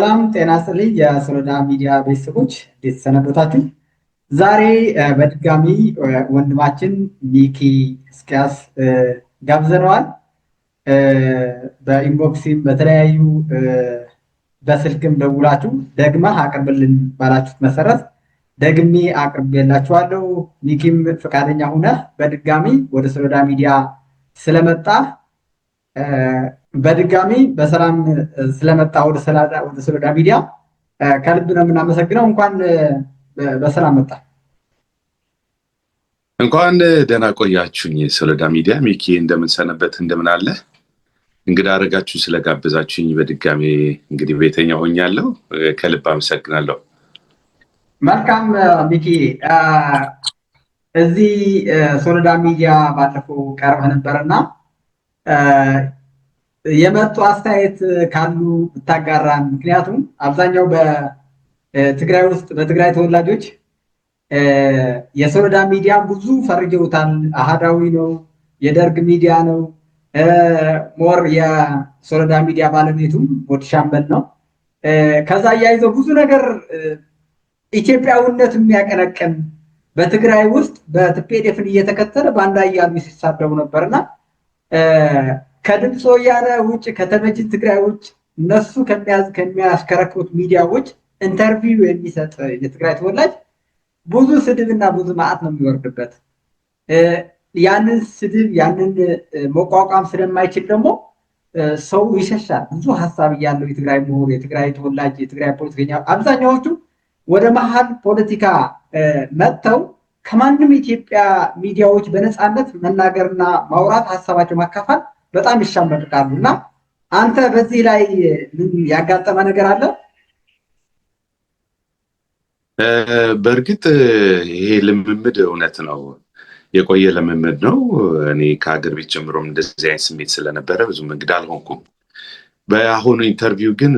ሰላም ጤና ስጥልኝ የሶሎዳ ሚዲያ ቤተሰቦች እንዴት ሰነበታችሁ? ዛሬ በድጋሚ ወንድማችን ሚኪ እስኪያስ ጋብዘነዋል። በኢንቦክሲም በተለያዩ በስልክም ደውላችሁ ደግመህ አቅርብልን ባላችሁት መሰረት ደግሜ አቅርቤላችኋለሁ። ሚኪም ፈቃደኛ ሁነህ በድጋሚ ወደ ሶሎዳ ሚዲያ ስለመጣ በድጋሚ በሰላም ስለመጣ ወደ ወደ ሰላዳ ሚዲያ ከልብ ነው የምናመሰግነው። እንኳን በሰላም መጣ። እንኳን ደህና ቆያችሁኝ። ሰላዳ ሚዲያ ሚኪ፣ ሰነበት? እንደምን አለ? እንግዲህ አድርጋችሁ ስለጋበዛችሁኝ በድጋሚ እንግዲህ ቤተኛ ሆኛለሁ። ከልብ አመሰግናለሁ። መልካም ሚኪ፣ እዚህ ሶሎዳ ሚዲያ ባለፈው ቀርበ ነበርና የመጡ አስተያየት ካሉ ብታጋራን። ምክንያቱም አብዛኛው በትግራይ ውስጥ በትግራይ ተወላጆች የሶሎዳ ሚዲያ ብዙ ፈርጀውታል። አህዳዊ ነው፣ የደርግ ሚዲያ ነው። ሞር የሶሎዳ ሚዲያ ባለቤቱም ቦዲ ሻምበል ነው። ከዛ እያይዘው ብዙ ነገር ኢትዮጵያዊነት የሚያቀነቅን በትግራይ ውስጥ በትፔዴፍን እየተከተለ ባንዳ እያሉ ሲሳደቡ ነበርና ከድምፅ ወያነ ውጭ ከተመጅ ትግራይ ውጭ እነሱ ከሚያስከረክሩት ሚዲያ ውጭ ኢንተርቪው የሚሰጥ የትግራይ ተወላጅ ብዙ እና ብዙ መዓት ነው የሚወርድበት። ያንን ስድብ ያንን መቋቋም ስለማይችል ደግሞ ሰው ይሸሻል። ብዙ ሀሳብ እያለው የትግራይ ምሁር፣ የትግራይ ተወላጅ፣ የትግራይ ፖለቲከኛ አብዛኛዎቹ ወደ መሀል ፖለቲካ መጥተው ከማንም ኢትዮጵያ ሚዲያዎች በነፃነት መናገርና ማውራት ሀሳባቸው ማካፋል በጣም ይሻመድቃሉ። እና አንተ በዚህ ላይ ያጋጠመ ነገር አለ? በእርግጥ ይሄ ልምምድ እውነት ነው፣ የቆየ ልምምድ ነው። እኔ ከሀገር ቤት ጀምሮም እንደዚህ አይነት ስሜት ስለነበረ ብዙ እንግዳ አልሆንኩም። በአሁኑ ኢንተርቪው ግን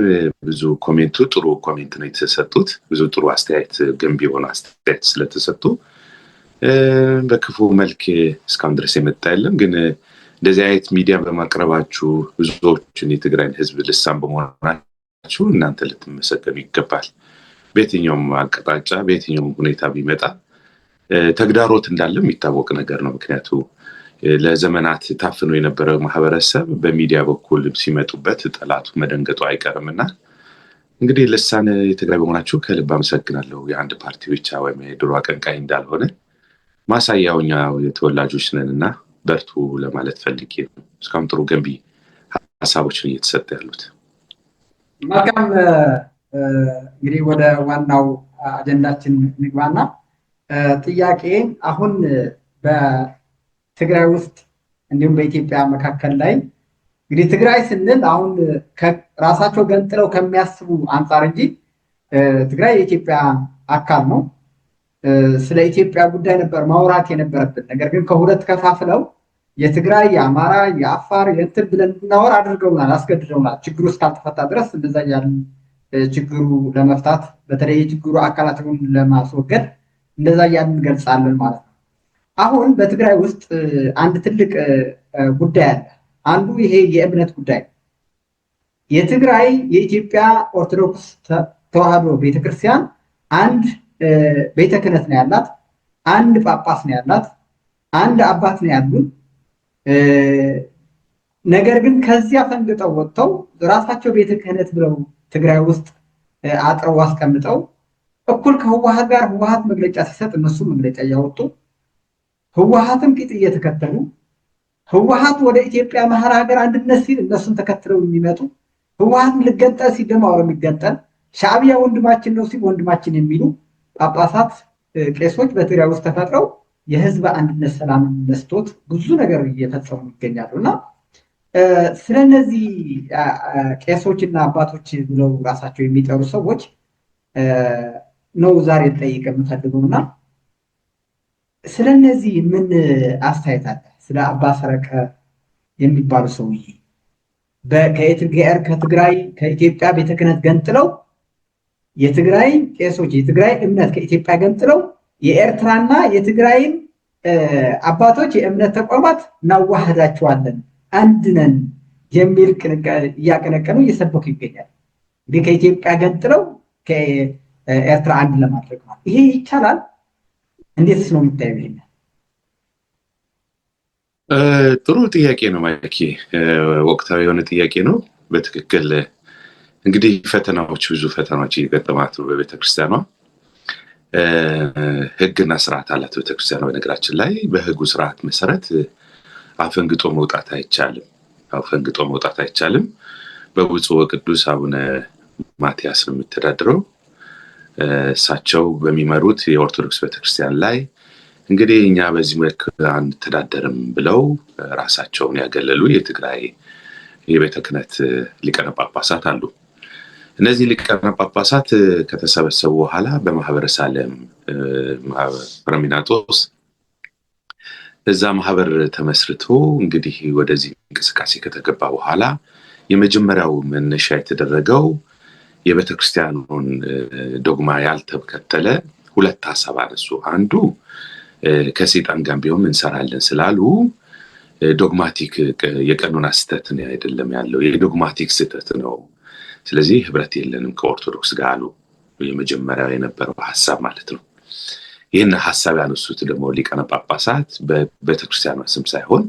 ብዙ ኮሜንቱ ጥሩ ኮሜንት ነው የተሰጡት። ብዙ ጥሩ አስተያየት፣ ገንቢ የሆነ አስተያየት ስለተሰጡ በክፉ መልክ እስካሁን ድረስ የመጣ የለም ግን እንደዚህ አይነት ሚዲያ በማቅረባችሁ ብዙዎችን የትግራይን ህዝብ ልሳን በመሆናችሁ እናንተ ልትመሰገኑ ይገባል። በየትኛውም አቅጣጫ በየትኛውም ሁኔታ ቢመጣ ተግዳሮት እንዳለ የሚታወቅ ነገር ነው። ምክንያቱ ለዘመናት ታፍኖ የነበረ ማህበረሰብ በሚዲያ በኩል ሲመጡበት ጠላቱ መደንገጡ አይቀርም እና እንግዲህ ልሳን የትግራይ በመሆናችሁ ከልብ አመሰግናለሁ። የአንድ ፓርቲ ብቻ ወይም የድሮ አቀንቃኝ እንዳልሆነ ማሳያውኛ የተወላጆች ነን እና በርቱ ለማለት ፈልጌ ነው። እስካሁን ጥሩ ገንቢ ሀሳቦችን እየተሰጠ ያሉት። መልካም እንግዲህ ወደ ዋናው አጀንዳችን ንግባና ጥያቄ አሁን በትግራይ ውስጥ እንዲሁም በኢትዮጵያ መካከል ላይ እንግዲህ ትግራይ ስንል አሁን ራሳቸው ገንጥለው ከሚያስቡ አንጻር እንጂ ትግራይ የኢትዮጵያ አካል ነው። ስለ ኢትዮጵያ ጉዳይ ነበር ማውራት የነበረብን። ነገር ግን ከሁለት ከፋፍለው የትግራይ፣ የአማራ፣ የአፋር የእንትን ብለን እንድናወር አድርገውናል፣ አስገድደውናል። ችግሩ እስካልተፈታ ድረስ እንደዛ ያሉ ችግሩ ለመፍታት በተለይ የችግሩ አካላትን ለማስወገድ እንደዛ እያሉ እንገልጻለን ማለት ነው። አሁን በትግራይ ውስጥ አንድ ትልቅ ጉዳይ አለ። አንዱ ይሄ የእምነት ጉዳይ የትግራይ የኢትዮጵያ ኦርቶዶክስ ተዋህዶ ቤተክርስቲያን አንድ ቤተ ክህነት ነው ያላት፣ አንድ ጳጳስ ነው ያላት፣ አንድ አባት ነው ያሉን። ነገር ግን ከዚያ ፈንግጠው ወጥተው ራሳቸው ቤተ ክህነት ብለው ትግራይ ውስጥ አጥረው አስቀምጠው እኩል ከህወሀት ጋር ህወሀት መግለጫ ሲሰጥ እነሱ መግለጫ እያወጡ ህወሀትም ቂጥ እየተከተሉ ህወሀት ወደ ኢትዮጵያ መሀል ሀገር አንድነት ሲል እነሱን ተከትለው የሚመጡ ህወሀት ልገንጠል ሲል ደግሞ የሚገንጠል ሻዕቢያ ወንድማችን ነው ሲል ወንድማችን የሚሉ ጳጳሳት፣ ቄሶች በትግራይ ውስጥ ተፈጥረው የህዝብ አንድነት ሰላም መስቶት ብዙ ነገር እየፈጸሙ ይገኛሉ እና ስለነዚህ ቄሶች እና አባቶች ብለው ራሳቸው የሚጠሩ ሰዎች ነው ዛሬ ልጠይቅ የምፈልገው እና ስለነዚህ ምን አስተያየት አለ? ስለ አባ ሰረቀ የሚባሉ ሰውዬ ከኤርትራ ከትግራይ ከኢትዮጵያ ቤተ ክህነት ገንጥለው የትግራይ ቄሶች የትግራይ እምነት ከኢትዮጵያ ገንጥለው የኤርትራና የትግራይን አባቶች የእምነት ተቋማት እናዋህዳቸዋለን አንድ ነን የሚል እያቀነቀኑ እየሰበኩ ይገኛል። እንግዲህ ከኢትዮጵያ ገንጥለው ከኤርትራ አንድ ለማድረግ ነው። ይሄ ይቻላል? እንዴትስ ነው የሚታየው? ይሄኛል ጥሩ ጥያቄ ነው ማይኬ፣ ወቅታዊ የሆነ ጥያቄ ነው በትክክል እንግዲህ ፈተናዎች ብዙ ፈተናዎች እየገጠማት ነው በቤተክርስቲያኗ ህግና ስርዓት አላት ቤተክርስቲያኗ። በነገራችን ላይ በህጉ ስርዓት መሰረት አፈንግጦ መውጣት አይቻልም። አፈንግጦ መውጣት አይቻልም። በብፁዕ ወቅዱስ አቡነ ማትያስ ነው የምተዳድረው። እሳቸው በሚመሩት የኦርቶዶክስ ቤተክርስቲያን ላይ እንግዲህ እኛ በዚህ መልክ አንተዳደርም ብለው ራሳቸውን ያገለሉ የትግራይ የቤተ ክህነት ጳጳሳት አሉ። እነዚህ ሊቃነ ጳጳሳት ከተሰበሰቡ በኋላ በማህበረ ሳለም ፕረሚናጦስ እዛ ማህበር ተመስርቶ እንግዲህ ወደዚህ እንቅስቃሴ ከተገባ በኋላ የመጀመሪያው መነሻ የተደረገው የቤተክርስቲያኑን ዶግማ ያልተከተለ ሁለት ሀሳብ አነሱ። አንዱ ከሴጣን ጋር ቢሆን እንሰራለን ስላሉ ዶግማቲክ የቀኑና ስህተት አይደለም ያለው የዶግማቲክ ስህተት ነው ስለዚህ ህብረት የለንም ከኦርቶዶክስ ጋር አሉ። የመጀመሪያው የነበረው ሀሳብ ማለት ነው። ይህን ሀሳብ ያነሱት ደግሞ ሊቃነ ጳጳሳት በቤተክርስቲያኗ ስም ሳይሆን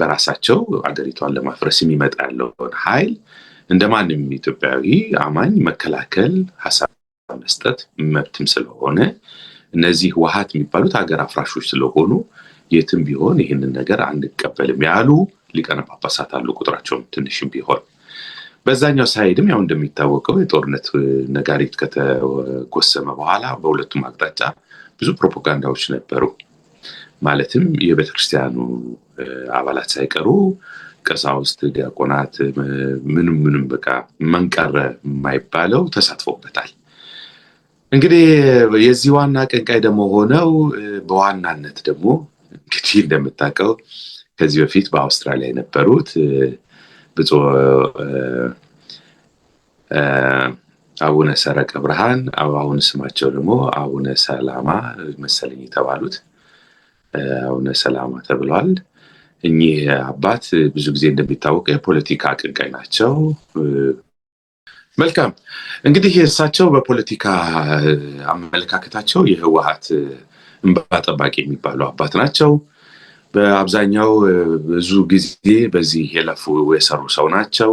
በራሳቸው አገሪቷን ለማፍረስ የሚመጣ ያለውን ኃይል እንደ ማንም ኢትዮጵያዊ አማኝ መከላከል፣ ሀሳብ መስጠት መብትም ስለሆነ እነዚህ ህወሓት የሚባሉት ሀገር አፍራሾች ስለሆኑ የትም ቢሆን ይህንን ነገር አንቀበልም ያሉ ሊቀነ ጳጳሳት አሉ። ቁጥራቸውም ትንሽም ቢሆን በዛኛው ሳይድም ያው እንደሚታወቀው የጦርነት ነጋሪት ከተጎሰመ በኋላ በሁለቱም አቅጣጫ ብዙ ፕሮፓጋንዳዎች ነበሩ። ማለትም የቤተክርስቲያኑ አባላት ሳይቀሩ ቀሳውስት፣ ዲያቆናት፣ ምንም ምንም በቃ መንቀረ የማይባለው ተሳትፎበታል። እንግዲህ የዚህ ዋና አቀንቃይ ደግሞ ሆነው በዋናነት ደግሞ እንግዲህ እንደምታውቀው ከዚህ በፊት በአውስትራሊያ የነበሩት ብፁዕ አቡነ ሰረቀ ብርሃን አሁን ስማቸው ደግሞ አቡነ ሰላማ መሰለኝ የተባሉት አቡነ ሰላማ ተብለዋል። እኚህ አባት ብዙ ጊዜ እንደሚታወቀው የፖለቲካ አቀንቃይ ናቸው። መልካም እንግዲህ እሳቸው በፖለቲካ አመለካከታቸው የህወሓት እንባ ጠባቂ የሚባሉ አባት ናቸው። በአብዛኛው ብዙ ጊዜ በዚህ የለፉ የሰሩ ሰው ናቸው።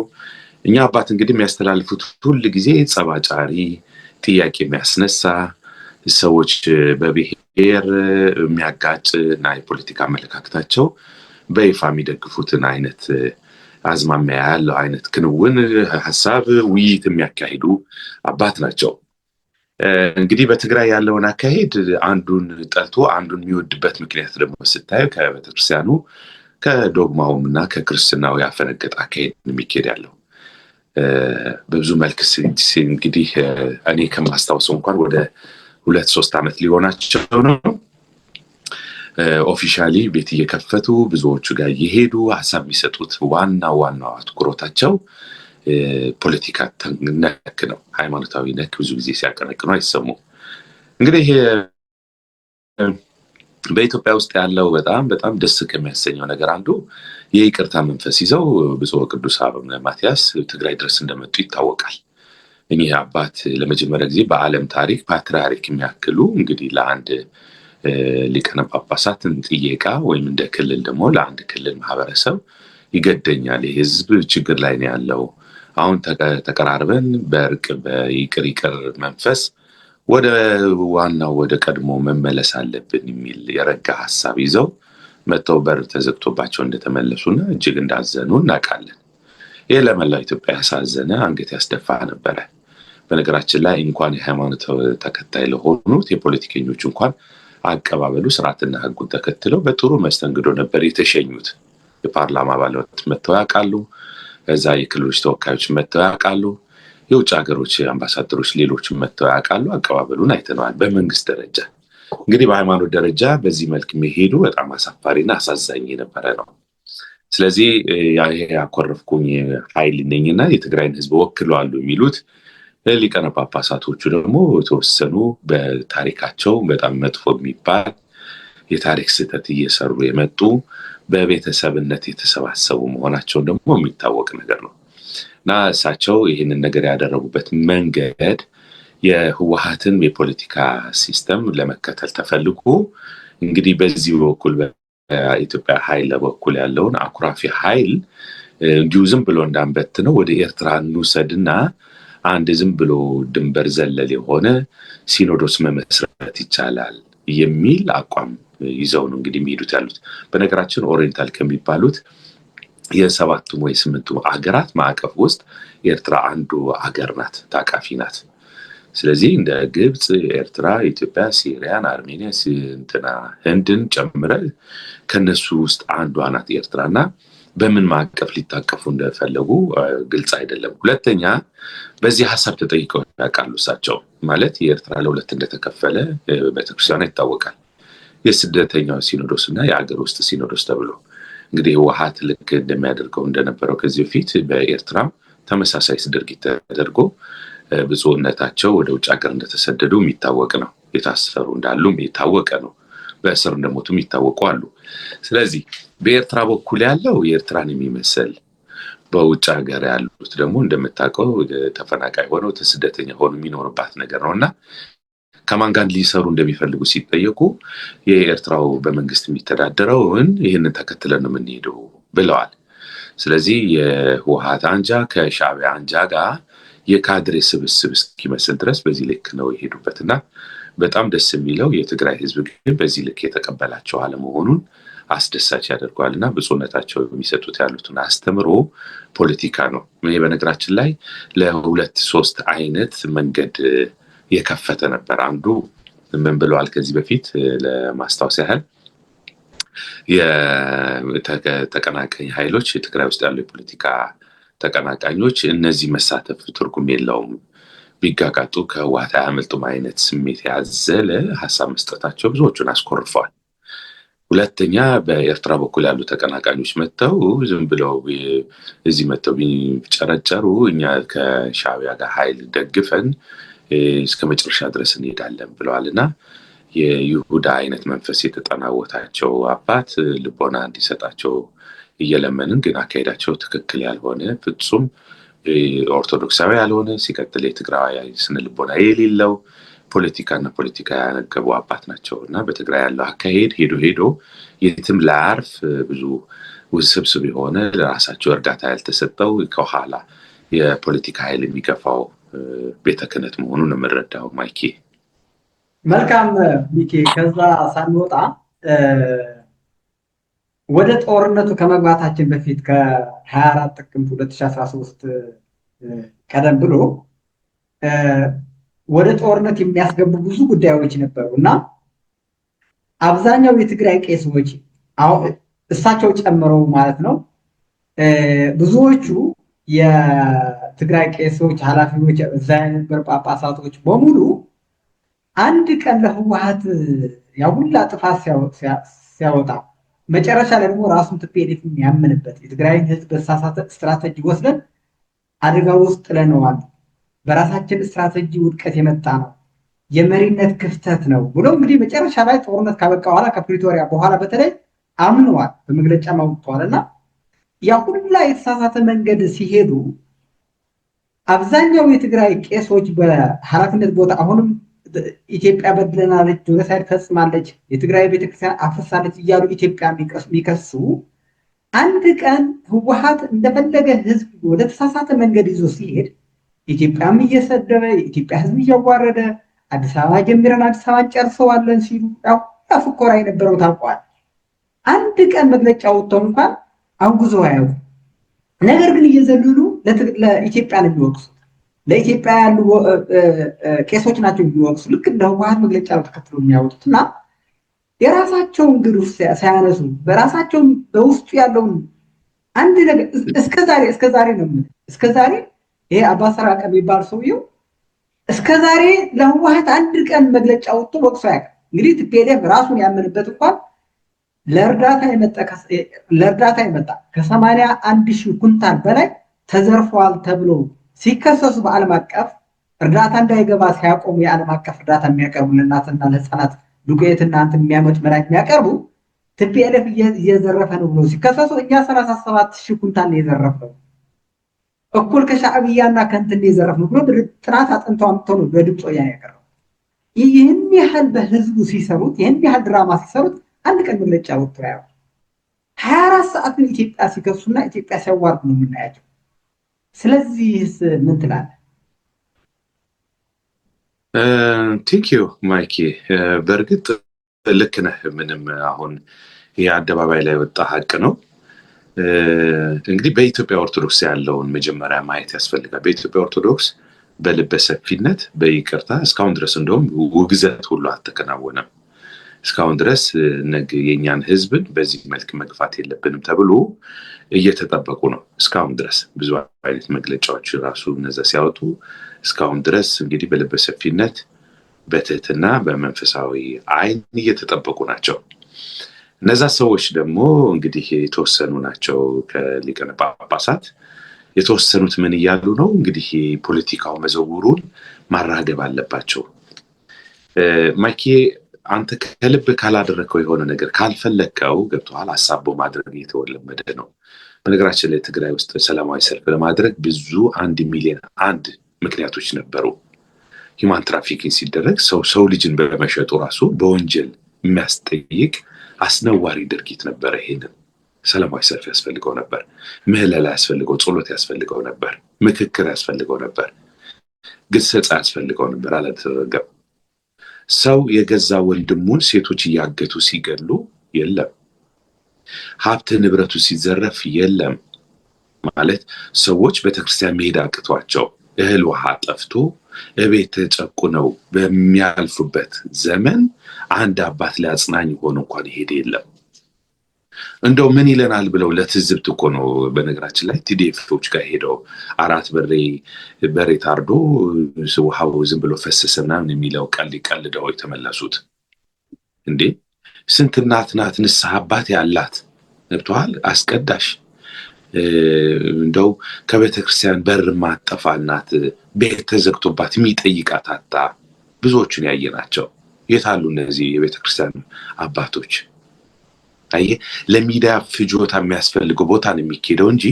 እኛ አባት እንግዲህ የሚያስተላልፉት ሁል ጊዜ ጸባጫሪ፣ ጥያቄ የሚያስነሳ ሰዎች በብሔር የሚያጋጭ እና የፖለቲካ አመለካከታቸው በይፋ የሚደግፉትን አይነት አዝማሚያ ያለው አይነት ክንውን ሀሳብ ውይይት የሚያካሂዱ አባት ናቸው። እንግዲህ በትግራይ ያለውን አካሄድ አንዱን ጠልቶ አንዱን የሚወድበት ምክንያት ደግሞ ስታዩ ከቤተክርስቲያኑ ከዶግማውም እና ከክርስትናው ያፈነገጠ አካሄድ የሚካሄድ ያለው በብዙ መልክ እንግዲህ እኔ ከማስታውሰው እንኳን ወደ ሁለት ሶስት ዓመት ሊሆናቸው ነው። ኦፊሻሊ ቤት እየከፈቱ ብዙዎቹ ጋር እየሄዱ ሀሳብ የሚሰጡት ዋና ዋናው አትኩሮታቸው ፖለቲካ ነክ ነው። ሃይማኖታዊ ነክ ብዙ ጊዜ ሲያቀነቅኑ አይሰሙም። እንግዲህ በኢትዮጵያ ውስጥ ያለው በጣም በጣም ደስ ከሚያሰኘው ነገር አንዱ የይቅርታ መንፈስ ይዘው ብፁዕ ቅዱስ አቡነ ማትያስ ትግራይ ድረስ እንደመጡ ይታወቃል። እኚህ አባት ለመጀመሪያ ጊዜ በዓለም ታሪክ ፓትርያርክ የሚያክሉ እንግዲህ ለአንድ ሊቀነ ጳጳሳትን ጥየቃ ወይም እንደ ክልል ደግሞ ለአንድ ክልል ማህበረሰብ ይገደኛል፣ የህዝብ ችግር ላይ ነው ያለው አሁን ተቀራርበን በእርቅ በይቅር ይቅር መንፈስ ወደ ዋናው ወደ ቀድሞ መመለስ አለብን የሚል የረጋ ሀሳብ ይዘው መጥተው በር ተዘግቶባቸው እንደተመለሱና እጅግ እንዳዘኑ እናውቃለን። ይህ ለመላው ኢትዮጵያ ያሳዘነ አንገት ያስደፋ ነበረ። በነገራችን ላይ እንኳን የሃይማኖት ተከታይ ለሆኑት የፖለቲከኞች እንኳን አቀባበሉ ስርዓትና ሕጉን ተከትለው በጥሩ መስተንግዶ ነበር የተሸኙት። የፓርላማ አባላት መጥተው ያውቃሉ። ከዛ የክልሎች ተወካዮች መጥተው ያውቃሉ። የውጭ ሀገሮች አምባሳደሮች፣ ሌሎች መጥተው ያውቃሉ። አቀባበሉን አይተነዋል። በመንግስት ደረጃ እንግዲህ በሃይማኖት ደረጃ በዚህ መልክ የሚሄዱ በጣም አሳፋሪና አሳዛኝ የነበረ ነው። ስለዚህ ይሄ ያኮረፍኩኝ ሀይል ነኝና የትግራይን ህዝብ ወክለዋሉ የሚሉት ሊቀነ ጳጳሳቶቹ ደግሞ የተወሰኑ በታሪካቸው በጣም መጥፎ የሚባል የታሪክ ስህተት እየሰሩ የመጡ በቤተሰብነት የተሰባሰቡ መሆናቸውን ደግሞ የሚታወቅ ነገር ነው እና እሳቸው ይህንን ነገር ያደረጉበት መንገድ የህወሀትን የፖለቲካ ሲስተም ለመከተል ተፈልጎ እንግዲህ በዚህ በኩል በኢትዮጵያ ኃይል በኩል ያለውን አኩራፊ ኃይል እንዲሁ ዝም ብሎ እንዳንበት ነው ወደ ኤርትራ እንውሰድና አንድ ዝም ብሎ ድንበር ዘለል የሆነ ሲኖዶስ መመስረት ይቻላል የሚል አቋም ይዘው ነው እንግዲህ የሚሄዱት ያሉት። በነገራችን ኦሪየንታል ከሚባሉት የሰባቱም ወይ ስምንቱ አገራት ማዕቀፍ ውስጥ ኤርትራ አንዱ አገር ናት፣ ታቃፊ ናት። ስለዚህ እንደ ግብፅ፣ ኤርትራ፣ ኢትዮጵያ፣ ሲሪያን፣ አርሜኒያ፣ እንትና ህንድን ጨምረ ከነሱ ውስጥ አንዷ ናት ኤርትራና በምን ማዕቀፍ ሊታቀፉ እንደፈለጉ ግልጽ አይደለም። ሁለተኛ በዚህ ሀሳብ ተጠይቀው ያውቃሉ እሳቸው ማለት የኤርትራ ለሁለት እንደተከፈለ ቤተክርስቲያኗ ይታወቃል። የስደተኛው ሲኖዶስ እና የሀገር ውስጥ ሲኖዶስ ተብሎ እንግዲህ ህወሓት ልክ እንደሚያደርገው እንደነበረው ከዚህ በፊት በኤርትራ ተመሳሳይ ድርጊት ተደርጎ ብፁዕነታቸው ወደ ውጭ ሀገር እንደተሰደዱ የሚታወቅ ነው። የታሰሩ እንዳሉም የታወቀ ነው። በእስር እንደሞቱ ይታወቁ አሉ። ስለዚህ በኤርትራ በኩል ያለው የኤርትራን የሚመስል በውጭ ሀገር ያሉት ደግሞ እንደምታውቀው ተፈናቃይ ሆነው ስደተኛ ሆኑ የሚኖርባት ነገር ነው እና ከማን ጋር ሊሰሩ እንደሚፈልጉ ሲጠየቁ የኤርትራው በመንግስት የሚተዳደረውን ይህንን ተከትለን ነው የምንሄደው ብለዋል። ስለዚህ የህወሀት አንጃ ከሻዕቢያ አንጃ ጋር የካድሬ ስብስብ እስኪመስል ድረስ በዚህ ልክ ነው የሄዱበትና በጣም ደስ የሚለው የትግራይ ህዝብ ግን በዚህ ልክ የተቀበላቸው አለመሆኑን አስደሳች ያደርገዋል እና ብፁዕነታቸው የሚሰጡት ያሉትን አስተምሮ ፖለቲካ ነው። ይህ በነገራችን ላይ ለሁለት ሶስት አይነት መንገድ የከፈተ ነበር። አንዱ ምን ብለዋል? ከዚህ በፊት ለማስታወስ ያህል የተቀናቃኝ ኃይሎች ትግራይ ውስጥ ያሉ የፖለቲካ ተቀናቃኞች እነዚህ መሳተፍ ትርጉም የለውም ቢጋጋጡ ከህወሓት አያመልጡም አይነት ስሜት ያዘለ ሀሳብ መስጠታቸው ብዙዎቹን አስኮርፈዋል። ሁለተኛ በኤርትራ በኩል ያሉ ተቀናቃኞች መጥተው ዝም ብለው እዚህ መጥተው ቢጨረጨሩ እኛ ከሻቢያ ጋር ኃይል ደግፈን እስከ መጨረሻ ድረስ እንሄዳለን ብለዋል እና የይሁዳ አይነት መንፈስ የተጠናወታቸው አባት ልቦና እንዲሰጣቸው እየለመንን ግን አካሄዳቸው ትክክል ያልሆነ ፍጹም ኦርቶዶክሳዊ ያልሆነ ሲቀጥል የትግራዊ ስነ ልቦና የሌለው ፖለቲካና ፖለቲካ ያነገቡ አባት ናቸው እና በትግራይ ያለው አካሄድ ሄዶ ሄዶ የትም ላያርፍ ብዙ ውስብስብ የሆነ ለራሳቸው እርጋታ ያልተሰጠው ከኋላ የፖለቲካ ኃይል የሚገፋው ቤተ ክህነት መሆኑን የምንረዳው ማይኬ። መልካም ሚኬ፣ ከዛ ሳንወጣ ወደ ጦርነቱ ከመግባታችን በፊት ከ24 ጥቅምት 2013 ቀደም ብሎ ወደ ጦርነት የሚያስገቡ ብዙ ጉዳዮች ነበሩ እና አብዛኛው የትግራይ ቄሶች እሳቸው ጨምረው ማለት ነው ብዙዎቹ ትግራይ ቄሶች፣ ኃላፊዎች፣ እዛ የነበር ጳጳሳቶች በሙሉ አንድ ቀን ለህወሀት ያሁላ ጥፋት ሲያወጣ መጨረሻ ላይ ደግሞ ራሱን ትፔሌት የሚያምንበት የትግራይን ህዝብ በተሳሳተ ስትራቴጂ ወስደን አደጋ ውስጥ ጥለነዋል፣ በራሳችን ስትራቴጂ ውድቀት የመጣ ነው፣ የመሪነት ክፍተት ነው ብሎ እንግዲህ መጨረሻ ላይ ጦርነት ካበቃ በኋላ ከፕሪቶሪያ በኋላ በተለይ አምነዋል፣ በመግለጫ ማውጥተዋል እና ያሁላ የተሳሳተ መንገድ ሲሄዱ አብዛኛው የትግራይ ቄሶች በኃላፊነት ቦታ አሁንም ኢትዮጵያ በድለናለች፣ ጆኖሳይድ ፈጽማለች፣ የትግራይ ቤተክርስቲያን አፈሳለች እያሉ ኢትዮጵያ የሚከሱ አንድ ቀን ህወሓት እንደፈለገ ህዝብ ወደ ተሳሳተ መንገድ ይዞ ሲሄድ ኢትዮጵያም እየሰደበ የኢትዮጵያ ህዝብ እያዋረደ አዲስ አበባ ጀምረን አዲስ አበባ ጨርሰዋለን ሲሉ ያፍኮራ የነበረው ታውቋል። አንድ ቀን መግለጫ ወጥተው እንኳን አውግዞ አያውቁ። ነገር ግን እየዘለሉ ለኢትዮጵያ ነው የሚወቅሱት። ለኢትዮጵያ ያሉ ቄሶች ናቸው የሚወቅሱ። ልክ እንደ ህወሀት መግለጫ ተከትሎ የሚያወጡት እና የራሳቸውን ግሩፍ ሳያነሱ በራሳቸውን በውስጡ ያለውን አንድ ነገር እስከዛሬ ነው የምልህ እስከዛሬ ይሄ አባሰራ ቀን የሚባል ሰውየው እስከዛሬ ለህወሀት አንድ ቀን መግለጫ ወጥቶ ወቅሶ ያቀ እንግዲህ ቲፒኤልኤፍ ራሱን ያምንበት እንኳን ለእርዳታ የመጣ ከሰማንያ አንድ ሺህ ኩንታል በላይ ተዘርፏል ተብሎ ሲከሰሱ በዓለም አቀፍ እርዳታ እንዳይገባ ሲያቆሙ የዓለም አቀፍ እርዳታ የሚያቀርቡ ለእናትና ለህፃናት ዱቄትና እናንት የሚያመጭ መድኃኒት የሚያቀርቡ ትፒኤልፍ እየዘረፈ ነው ብሎ ሲከሰሱ እኛ ሰላሳ ሰባት ሺህ ኩንታል የዘረፍ ነው እኩል ከሻዕብያና ከእንትን የዘረፍ ነው ብሎ ጥናት አጥንተው አምጥቶ ነው በድምፅ ወያኔ ያቀረቡ። ይህን ያህል በህዝቡ ሲሰሩት፣ ይህን ያህል ድራማ ሲሰሩት አንድ ቀን መግለጫ ወጥቶ ያው ሀያ አራት ሰዓት ኢትዮጵያ ሲከሱና ኢትዮጵያ ሲያዋርድ ነው የምናያቸው። ስለዚህስ ምን ትላለህ? ቴንኪዩ ማይኪ። በእርግጥ ልክ ነህ። ምንም አሁን የአደባባይ ላይ ወጣ ሀቅ ነው። እንግዲህ በኢትዮጵያ ኦርቶዶክስ ያለውን መጀመሪያ ማየት ያስፈልጋል። በኢትዮጵያ ኦርቶዶክስ በልበ ሰፊነት በይቅርታ እስካሁን ድረስ እንደውም ውግዘት ሁሉ አልተከናወነም። እስካሁን ድረስ ነግ የእኛን ህዝብን በዚህ መልክ መግፋት የለብንም ተብሎ እየተጠበቁ ነው። እስካሁን ድረስ ብዙ አይነት መግለጫዎች ራሱ እነዛ ሲያወጡ እስካሁን ድረስ እንግዲህ ሰፊነት በትህትና በመንፈሳዊ አይን እየተጠበቁ ናቸው። እነዛ ሰዎች ደግሞ እንግዲህ የተወሰኑ ናቸው ከሊቀነ ጳጳሳት የተወሰኑት ምን እያሉ ነው? እንግዲህ ፖለቲካው መዘውሩን ማራገብ አለባቸው። ማይኬ አንተ ከልብ ካላደረከው የሆነ ነገር ካልፈለግከው ገብቶሃል፣ አሳቦ ማድረግ እየተወለመደ ነው። በነገራችን ላይ ትግራይ ውስጥ ሰላማዊ ሰልፍ ለማድረግ ብዙ አንድ ሚሊዮን አንድ ምክንያቶች ነበሩ። ሂማን ትራፊኪንግ ሲደረግ ሰው ሰው ልጅን በመሸጡ ራሱ በወንጀል የሚያስጠይቅ አስነዋሪ ድርጊት ነበረ። ይሄንን ሰላማዊ ሰልፍ ያስፈልገው ነበር። ምህለላ ያስፈልገው፣ ጸሎት ያስፈልገው ነበር፣ ምክክር ያስፈልገው ነበር፣ ግሰጻ ያስፈልገው ነበር። አላደረገም። ሰው የገዛ ወንድሙን ሴቶች እያገቱ ሲገሉ የለም። ሀብት ንብረቱ ሲዘረፍ የለም። ማለት ሰዎች ቤተክርስቲያን መሄድ አቅቷቸው እህል ውሃ ጠፍቶ እቤት ተጨቁነው በሚያልፉበት ዘመን አንድ አባት ሊያጽናኝ ሆኖ እንኳን ይሄድ የለም። እንደው ምን ይለናል ብለው ለትዝብት እኮ ነው። በነገራችን ላይ ቲዲኤፎች ጋር ሄደው አራት በሬ በሬ ታርዶ ውሃው ዝም ብሎ ፈሰሰ ምናምን የሚለው ቀል ቀልደው የተመለሱት እንዴ! ስንት እናት ናት ንስሐ አባት ያላት ነብተዋል አስቀዳሽ እንደው ከቤተ ክርስቲያን በር ማጠፋ እናት ቤት ተዘግቶባት የሚጠይቃት አታ ብዙዎቹን ያየናቸው። የት አሉ እነዚህ የቤተ ክርስቲያን አባቶች? አየህ ለሚዲያ ፍጆታ የሚያስፈልገው ቦታ ነው የሚካሄደው እንጂ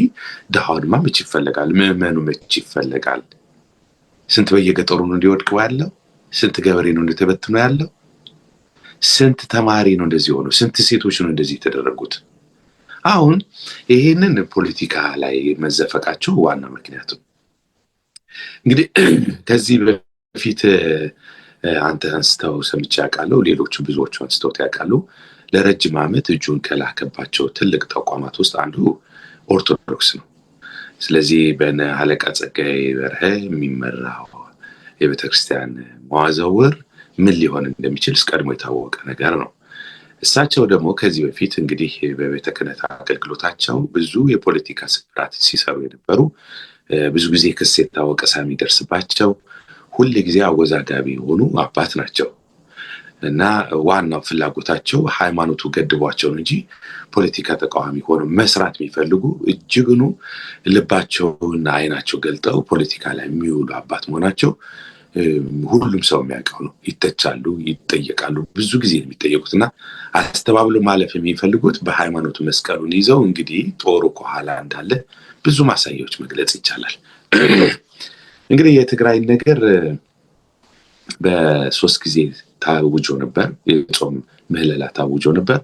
ድሃው መች ይፈለጋል? ምዕመኑ መች ይፈለጋል? ስንት በየገጠሩ ነው እንዲወድቅ ያለው? ስንት ገበሬ ነው እንደተበትኖ ያለው? ስንት ተማሪ ነው እንደዚህ ሆኖ? ስንት ሴቶች ነው እንደዚህ የተደረጉት? አሁን ይሄንን ፖለቲካ ላይ መዘፈቃቸው ዋና ምክንያቱ እንግዲህ ከዚህ በፊት አንተ አንስተው ሰምቼ ያውቃለሁ። ሌሎቹ ብዙዎቹ አንስተውት ያውቃሉ። ለረጅም ዓመት እጁን ከላከባቸው ትልቅ ተቋማት ውስጥ አንዱ ኦርቶዶክስ ነው። ስለዚህ በነ አለቃ ጸጋዬ በርሀ የሚመራው የቤተክርስቲያን መዋዘወር ምን ሊሆን እንደሚችል እስቀድሞ የታወቀ ነገር ነው። እሳቸው ደግሞ ከዚህ በፊት እንግዲህ በቤተ ክህነት አገልግሎታቸው ብዙ የፖለቲካ ስፍራት ሲሰሩ የነበሩ ብዙ ጊዜ ክስ የታወቀ ሳሚ ደርስባቸው ሁል ጊዜ አወዛጋቢ የሆኑ አባት ናቸው። እና ዋናው ፍላጎታቸው ሃይማኖቱ ገድቧቸው ነው እንጂ ፖለቲካ ተቃዋሚ ሆኖ መስራት የሚፈልጉ እጅግኑ ልባቸውና አይናቸው ገልጠው ፖለቲካ ላይ የሚውሉ አባት መሆናቸው ሁሉም ሰው የሚያውቀው ነው። ይተቻሉ፣ ይጠየቃሉ። ብዙ ጊዜ ነው የሚጠየቁት እና አስተባብሎ ማለፍ የሚፈልጉት በሃይማኖቱ መስቀሉን ይዘው እንግዲህ ጦሩ ከኋላ እንዳለ ብዙ ማሳያዎች መግለጽ ይቻላል። እንግዲህ የትግራይ ነገር በሶስት ጊዜ ታውጆ ነበር። የጾም ምህለላ ታውጆ ነበር።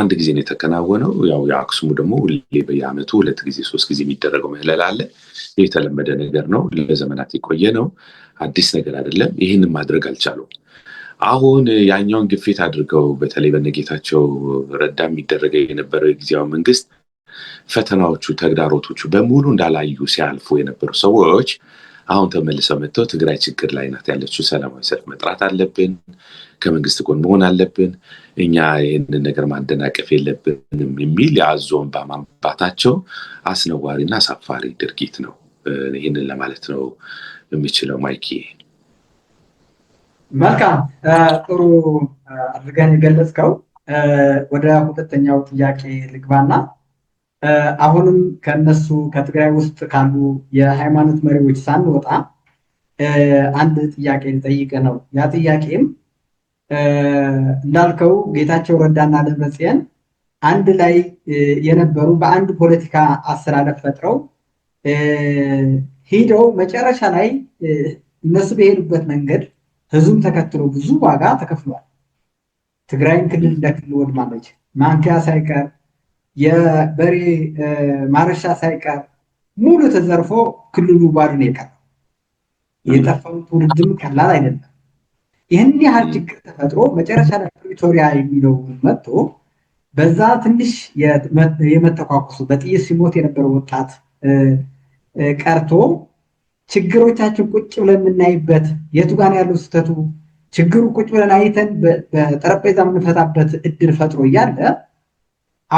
አንድ ጊዜ ነው የተከናወነው። ያው የአክሱሙ ደግሞ ሁሌ በየአመቱ ሁለት ጊዜ ሶስት ጊዜ የሚደረገው ምህለላ አለ። የተለመደ ነገር ነው። ለዘመናት የቆየ ነው። አዲስ ነገር አይደለም። ይህን ማድረግ አልቻሉም። አሁን ያኛውን ግፊት አድርገው በተለይ በነጌታቸው ረዳ የሚደረገ የነበረው የጊዜያዊ መንግስት ፈተናዎቹ፣ ተግዳሮቶቹ በሙሉ እንዳላዩ ሲያልፉ የነበሩ ሰዎች አሁን ተመልሰው መጥተው ትግራይ ችግር ላይ ናት ያለችው ሰላማዊ ሰልፍ መጥራት አለብን። ከመንግስት ጎን መሆን አለብን። እኛ ይህንን ነገር ማደናቀፍ የለብንም የሚል የአዞ በማንባታቸው አስነዋሪና አሳፋሪ ድርጊት ነው። ይህንን ለማለት ነው የሚችለው። ማይኪ መልካም፣ ጥሩ አድርገን የገለጽከው። ወደ ሁለተኛው ጥያቄ ልግባና አሁንም ከነሱ ከትግራይ ውስጥ ካሉ የሃይማኖት መሪዎች ሳንወጣ አንድ ጥያቄ ጠይቀ ነው። ያ ጥያቄም እንዳልከው ጌታቸው ረዳና ደብረጽዮን አንድ ላይ የነበሩ በአንድ ፖለቲካ አሰላለፍ ፈጥረው ሂደው መጨረሻ ላይ እነሱ በሄዱበት መንገድ ህዝቡም ተከትሎ ብዙ ዋጋ ተከፍሏል። ትግራይን ክልል እንደ ክልል ወድማለች። ማንኪያ ሳይቀር የበሬ ማረሻ ሳይቀር ሙሉ ተዘርፎ ክልሉ ባዶ ነው የቀረው። የጠፈኑ ትውልድም ቀላል አይደለም። ይህን ያህል ችግር ተፈጥሮ መጨረሻ ላይ ፕሪቶሪያ የሚለው መጥቶ በዛ ትንሽ የመተኳኩሱ በጥይት ሲሞት የነበረው ወጣት ቀርቶ ችግሮቻችን ቁጭ ብለን የምናይበት የቱ ጋር ያለው ስህተቱ ችግሩ ቁጭ ብለን አይተን በጠረጴዛ የምንፈታበት እድል ፈጥሮ እያለ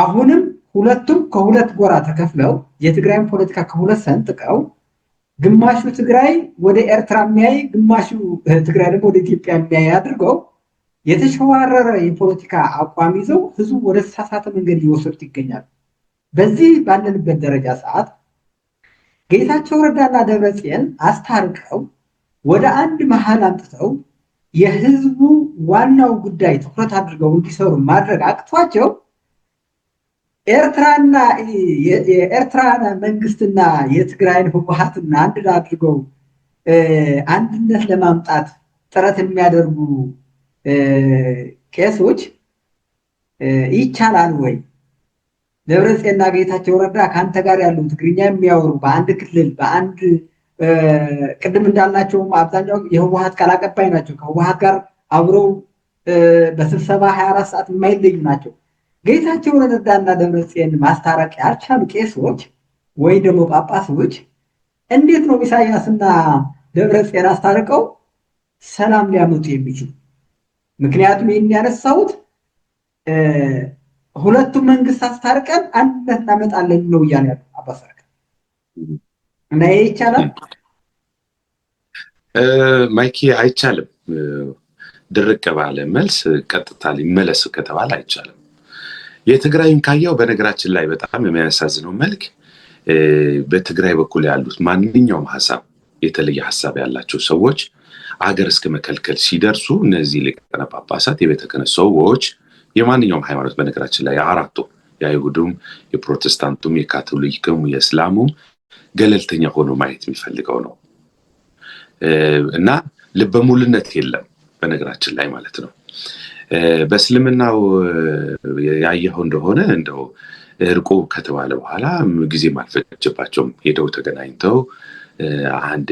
አሁንም ሁለቱም ከሁለት ጎራ ተከፍለው የትግራይን ፖለቲካ ከሁለት ሰንጥቀው ግማሹ ትግራይ ወደ ኤርትራ የሚያይ ግማሹ ትግራይ ደግሞ ወደ ኢትዮጵያ የሚያይ አድርገው የተሸዋረረ የፖለቲካ አቋም ይዘው ህዝቡ ወደ ተሳሳተ መንገድ እየወሰዱት ይገኛሉ። በዚህ ባለንበት ደረጃ ሰዓት ጌታቸው ረዳና ደብረጽዮን አስታርቀው ወደ አንድ መሀል አምጥተው የህዝቡ ዋናው ጉዳይ ትኩረት አድርገው እንዲሰሩ ማድረግ አቅቷቸው ኤርትራና የኤርትራ መንግስትና የትግራይን ህወሓትና አንድ አድርገው አንድነት ለማምጣት ጥረት የሚያደርጉ ቄሶች ይቻላል ወይ? ደብረጽዮንና ጌታቸው ረዳ ከአንተ ጋር ያሉ ትግርኛ የሚያወሩ በአንድ ክልል በአንድ ቅድም እንዳልናቸው አብዛኛው የህወሓት ቃል አቀባይ ናቸው። ከህወሓት ጋር አብረው በስብሰባ 24 ሰዓት የማይለዩ ናቸው። ጌታቸው ረዳና ደብረጽዮን ማስታረቅ ያልቻሉ ቄሶች ወይ ደግሞ ጳጳሶች እንዴት ነው ኢሳያስና ደብረጽዮን አስታርቀው ሰላም ሊያመጡ የሚችሉ? ምክንያቱም ይህን ያነሳሁት ሁለቱም መንግስት አስታርቀን አንድነት እናመጣለን ነው እያለ ያሉ አባሰረቀ እና ይሄ ይቻላል ማይኪ አይቻልም። ድርቅ ባለ መልስ ቀጥታ ሊመለስ ከተባለ አይቻልም። የትግራይን ካየው በነገራችን ላይ በጣም የሚያሳዝነው መልክ በትግራይ በኩል ያሉት ማንኛውም ሀሳብ የተለየ ሀሳብ ያላቸው ሰዎች አገር እስከ መከልከል ሲደርሱ እነዚህ ሊቃነ ጳጳሳት የቤተ ክህነት ሰዎች የማንኛውም ሃይማኖት በነገራችን ላይ አራቱ የአይሁዱም፣ የፕሮቴስታንቱም፣ የካቶሊክም፣ የእስላሙም ገለልተኛ ሆኖ ማየት የሚፈልገው ነው እና ልበሙልነት የለም በነገራችን ላይ ማለት ነው። በእስልምናው ያየኸው እንደሆነ እንደው እርቁ ከተባለ በኋላ ጊዜም አልፈጀባቸውም። ሄደው ተገናኝተው አንድ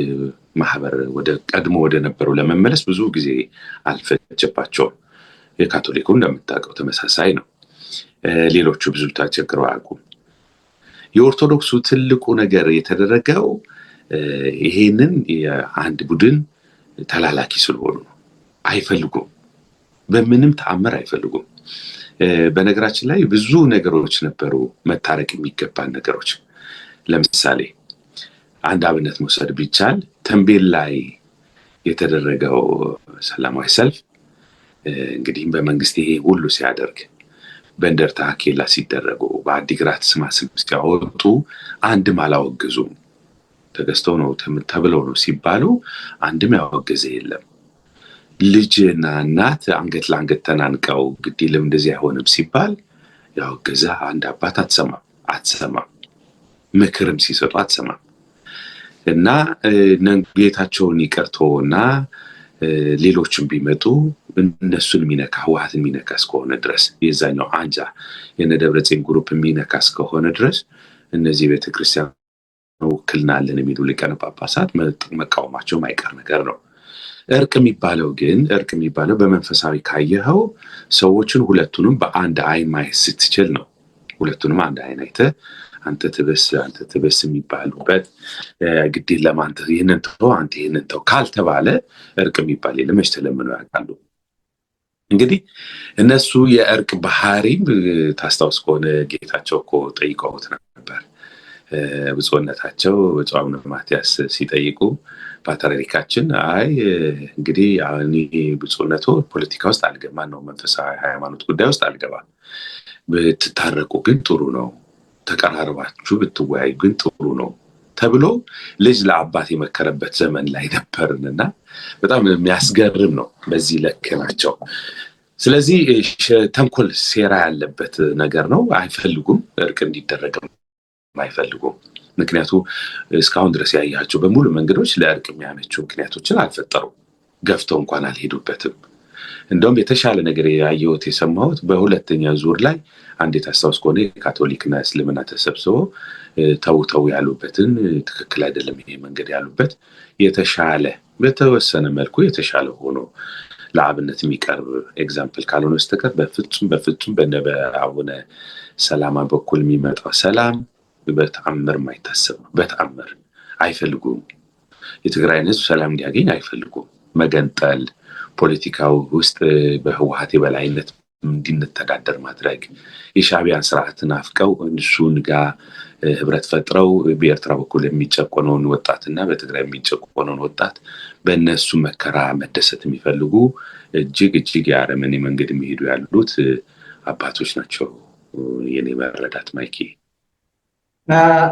ማህበር ወደ ቀድሞ ወደ ነበረው ለመመለስ ብዙ ጊዜ አልፈጀባቸውም። የካቶሊኩ እንደምታውቀው ተመሳሳይ ነው። ሌሎቹ ብዙ ተቸግረው አያውቁም። የኦርቶዶክሱ ትልቁ ነገር የተደረገው ይሄንን የአንድ ቡድን ተላላኪ ስለሆኑ ነው። አይፈልጉም በምንም ተአምር አይፈልጉም። በነገራችን ላይ ብዙ ነገሮች ነበሩ መታረቅ የሚገባን ነገሮች። ለምሳሌ አንድ አብነት መውሰድ ቢቻል ተንቤን ላይ የተደረገው ሰላማዊ ሰልፍ እንግዲህም በመንግስት ይሄ ሁሉ ሲያደርግ በእንደርታ ኬላ ሲደረጉ በአዲግራት ስማ ስም ሲያወጡ አንድም አላወገዙም። ተገዝተው ነው ተብለው ነው ሲባሉ አንድም ያወገዘ የለም። ልጅና እናት አንገት ለአንገት ተናንቀው ግድ የለም እንደዚህ አይሆንም ሲባል ያው ገዛ አንድ አባት አትሰማም አትሰማም ምክርም ሲሰጡ አትሰማም እና ይቀርቶ እና ሌሎችም ቢመጡ እነሱን የሚነካ ህወሓትን የሚነካ እስከሆነ ድረስ የዛኛው አንጃ የነደብረጽዮን ግሩፕ የሚነካ እስከሆነ ድረስ እነዚህ ቤተክርስቲያን ውክልና አለን የሚሉ ሊቀነ ጳጳሳት መቃወማቸው ማይቀር ነገር ነው። እርቅ የሚባለው ግን እርቅ የሚባለው በመንፈሳዊ ካየኸው ሰዎችን ሁለቱንም በአንድ አይን ማየት ስትችል ነው። ሁለቱንም አንድ አይን አይተህ አንተ ትበስ አንተ ትበስ የሚባሉበት ግዴ ለማንተ ይህንን ተው አንተ ይህንን ተው ካልተባለ እርቅ የሚባል የለም። መች ተለምነው ያውቃሉ? እንግዲህ እነሱ የእርቅ ባህሪም ታስታውስ ከሆነ ጌታቸው እኮ ጠይቀውት ነበር ብፁዕነታቸው ብፁዕ አቡነ ማትያስ ሲጠይቁ ፓትርያርካችን አይ እንግዲህ እኔ ብፁዕነቱ ፖለቲካ ውስጥ አልገባ ነው መንፈሳዊ ሃይማኖት ጉዳይ ውስጥ አልገባ፣ ብትታረቁ ግን ጥሩ ነው፣ ተቀራርባችሁ ብትወያዩ ግን ጥሩ ነው ተብሎ ልጅ ለአባት የመከረበት ዘመን ላይ ነበርን እና በጣም የሚያስገርም ነው። በዚህ ለክ ናቸው። ስለዚህ ተንኮል፣ ሴራ ያለበት ነገር ነው። አይፈልጉም፣ እርቅ እንዲደረግም አይፈልጉም። ምክንያቱ እስካሁን ድረስ ያያቸው በሙሉ መንገዶች ለእርቅ የሚያመቹ ምክንያቶችን አልፈጠሩም። ገፍተው እንኳን አልሄዱበትም። እንደውም የተሻለ ነገር ያየሁት የሰማሁት በሁለተኛ ዙር ላይ አንዴት አስታውስ ከሆነ የካቶሊክና እስልምና ተሰብስበው ተውተው ያሉበትን ትክክል አይደለም ይሄ መንገድ ያሉበት የተሻለ በተወሰነ መልኩ የተሻለ ሆኖ ለአብነት የሚቀርብ ኤግዛምፕል ካልሆነ በስተቀር በፍጹም በፍጹም በነበ አቡነ ሰላማ በኩል የሚመጣው ሰላም በተአምር ማይታሰብ ነው። በተአምር አይፈልጉም። የትግራይን ህዝብ ሰላም እንዲያገኝ አይፈልጉም። መገንጠል፣ ፖለቲካው ውስጥ በህወሀት የበላይነት እንዲንተዳደር ማድረግ የሻቢያን ስርዓት ናፍቀው እሱን ጋር ህብረት ፈጥረው በኤርትራ በኩል የሚጨቆነውን ወጣት እና በትግራይ የሚጨቆነውን ወጣት በእነሱ መከራ መደሰት የሚፈልጉ እጅግ እጅግ የአረመኔ መንገድ የሚሄዱ ያሉት አባቶች ናቸው። የኔ መረዳት ማይኬ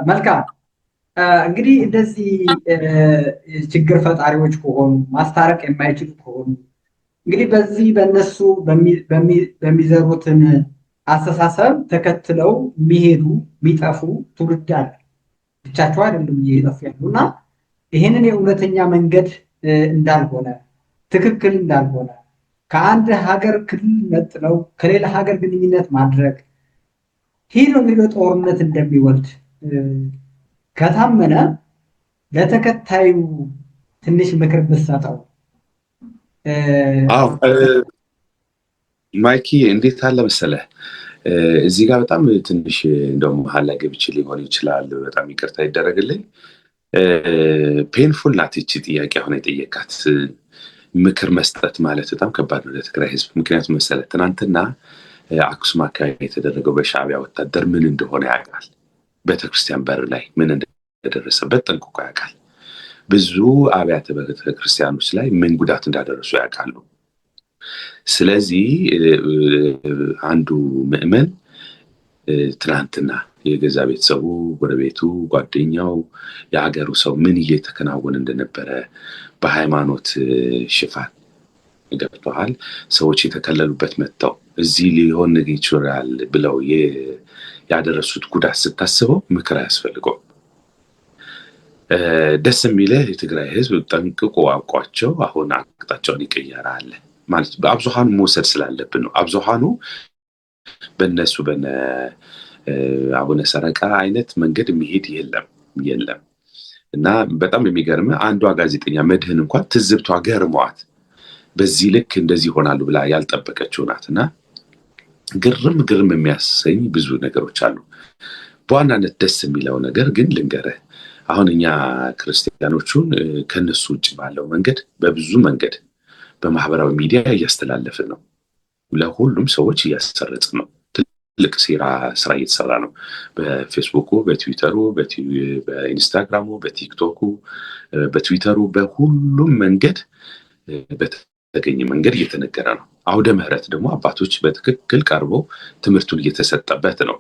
መልካም እንግዲህ እንደዚህ ችግር ፈጣሪዎች ከሆኑ ማስታረቅ የማይችሉ ከሆኑ እንግዲህ በዚህ በእነሱ በሚዘሩትን አስተሳሰብ ተከትለው የሚሄዱ የሚጠፉ ትውልድ አለ። ብቻቸው አይደሉም እየጠፉ ያሉ እና ይህንን የእውነተኛ መንገድ እንዳልሆነ ትክክል እንዳልሆነ ከአንድ ሀገር ክልል ነጥለው ከሌላ ሀገር ግንኙነት ማድረግ ሄዶ ሄዶ ጦርነት እንደሚወልድ ከታመነ ለተከታዩ ትንሽ ምክር ብትሰጠው ማይኪ እንዴት አለ መሰለህ፣ እዚህ ጋር በጣም ትንሽ እንደው መሀል ላይ ገብቼ ሊሆን ይችላል። በጣም ይቅርታ ይደረግልኝ። ፔንፉል ናት ይቺ ጥያቄ አሁን የጠየቃት። ምክር መስጠት ማለት በጣም ከባድ ነው ለትግራይ ሕዝብ። ምክንያቱም መሰለህ ትናንትና አክሱም አካባቢ የተደረገው በሻዕቢያ ወታደር ምን እንደሆነ ያውቃል ቤተክርስቲያን በር ላይ ምን እንደደረሰበት ጠንቅቆ ያውቃል። ብዙ አብያተ ቤተክርስቲያኖች ላይ ምን ጉዳት እንዳደረሱ ያውቃሉ። ስለዚህ አንዱ ምዕመን ትናንትና የገዛ ቤተሰቡ፣ ጎረቤቱ፣ ጓደኛው፣ የሀገሩ ሰው ምን እየተከናወነ እንደነበረ በሃይማኖት ሽፋን ገብተዋል። ሰዎች የተከለሉበት መጥተው እዚህ ሊሆን ይችላል ብለው ያደረሱት ጉዳት ስታስበው ምክር አያስፈልገውም። ደስ የሚልህ የትግራይ ህዝብ ጠንቅቆ አውቋቸው አሁን አቅጣጫውን አለ ማለት አብዙሃኑ መውሰድ ስላለብን ነው። አብዙሃኑ በነሱ በነ አቡነ ሰረቃ አይነት መንገድ የሚሄድ የለም የለም። እና በጣም የሚገርም አንዷ ጋዜጠኛ መድህን እንኳን ትዝብቷ ገርመዋት በዚህ ልክ እንደዚህ ይሆናሉ ብላ ያልጠበቀችው ናት እና ግርም ግርም የሚያሰኝ ብዙ ነገሮች አሉ። በዋናነት ደስ የሚለው ነገር ግን ልንገርህ፣ አሁን እኛ ክርስቲያኖቹን ከነሱ ውጭ ባለው መንገድ በብዙ መንገድ በማህበራዊ ሚዲያ እያስተላለፍ ነው። ለሁሉም ሰዎች እያሰረጽ ነው። ትልቅ ሴራ ስራ እየተሰራ ነው። በፌስቡኩ፣ በትዊተሩ፣ በኢንስታግራሙ፣ በቲክቶኩ፣ በትዊተሩ በሁሉም መንገድ በተገኘ መንገድ እየተነገረ ነው። አውደ ምሕረት ደግሞ አባቶች በትክክል ቀርቦ ትምህርቱን እየተሰጠበት ነው።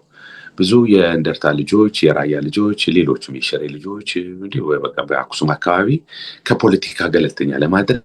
ብዙ የእንደርታ ልጆች፣ የራያ ልጆች፣ ሌሎችም የሸሬ ልጆች በአክሱም አካባቢ ከፖለቲካ ገለልተኛ ለማድረግ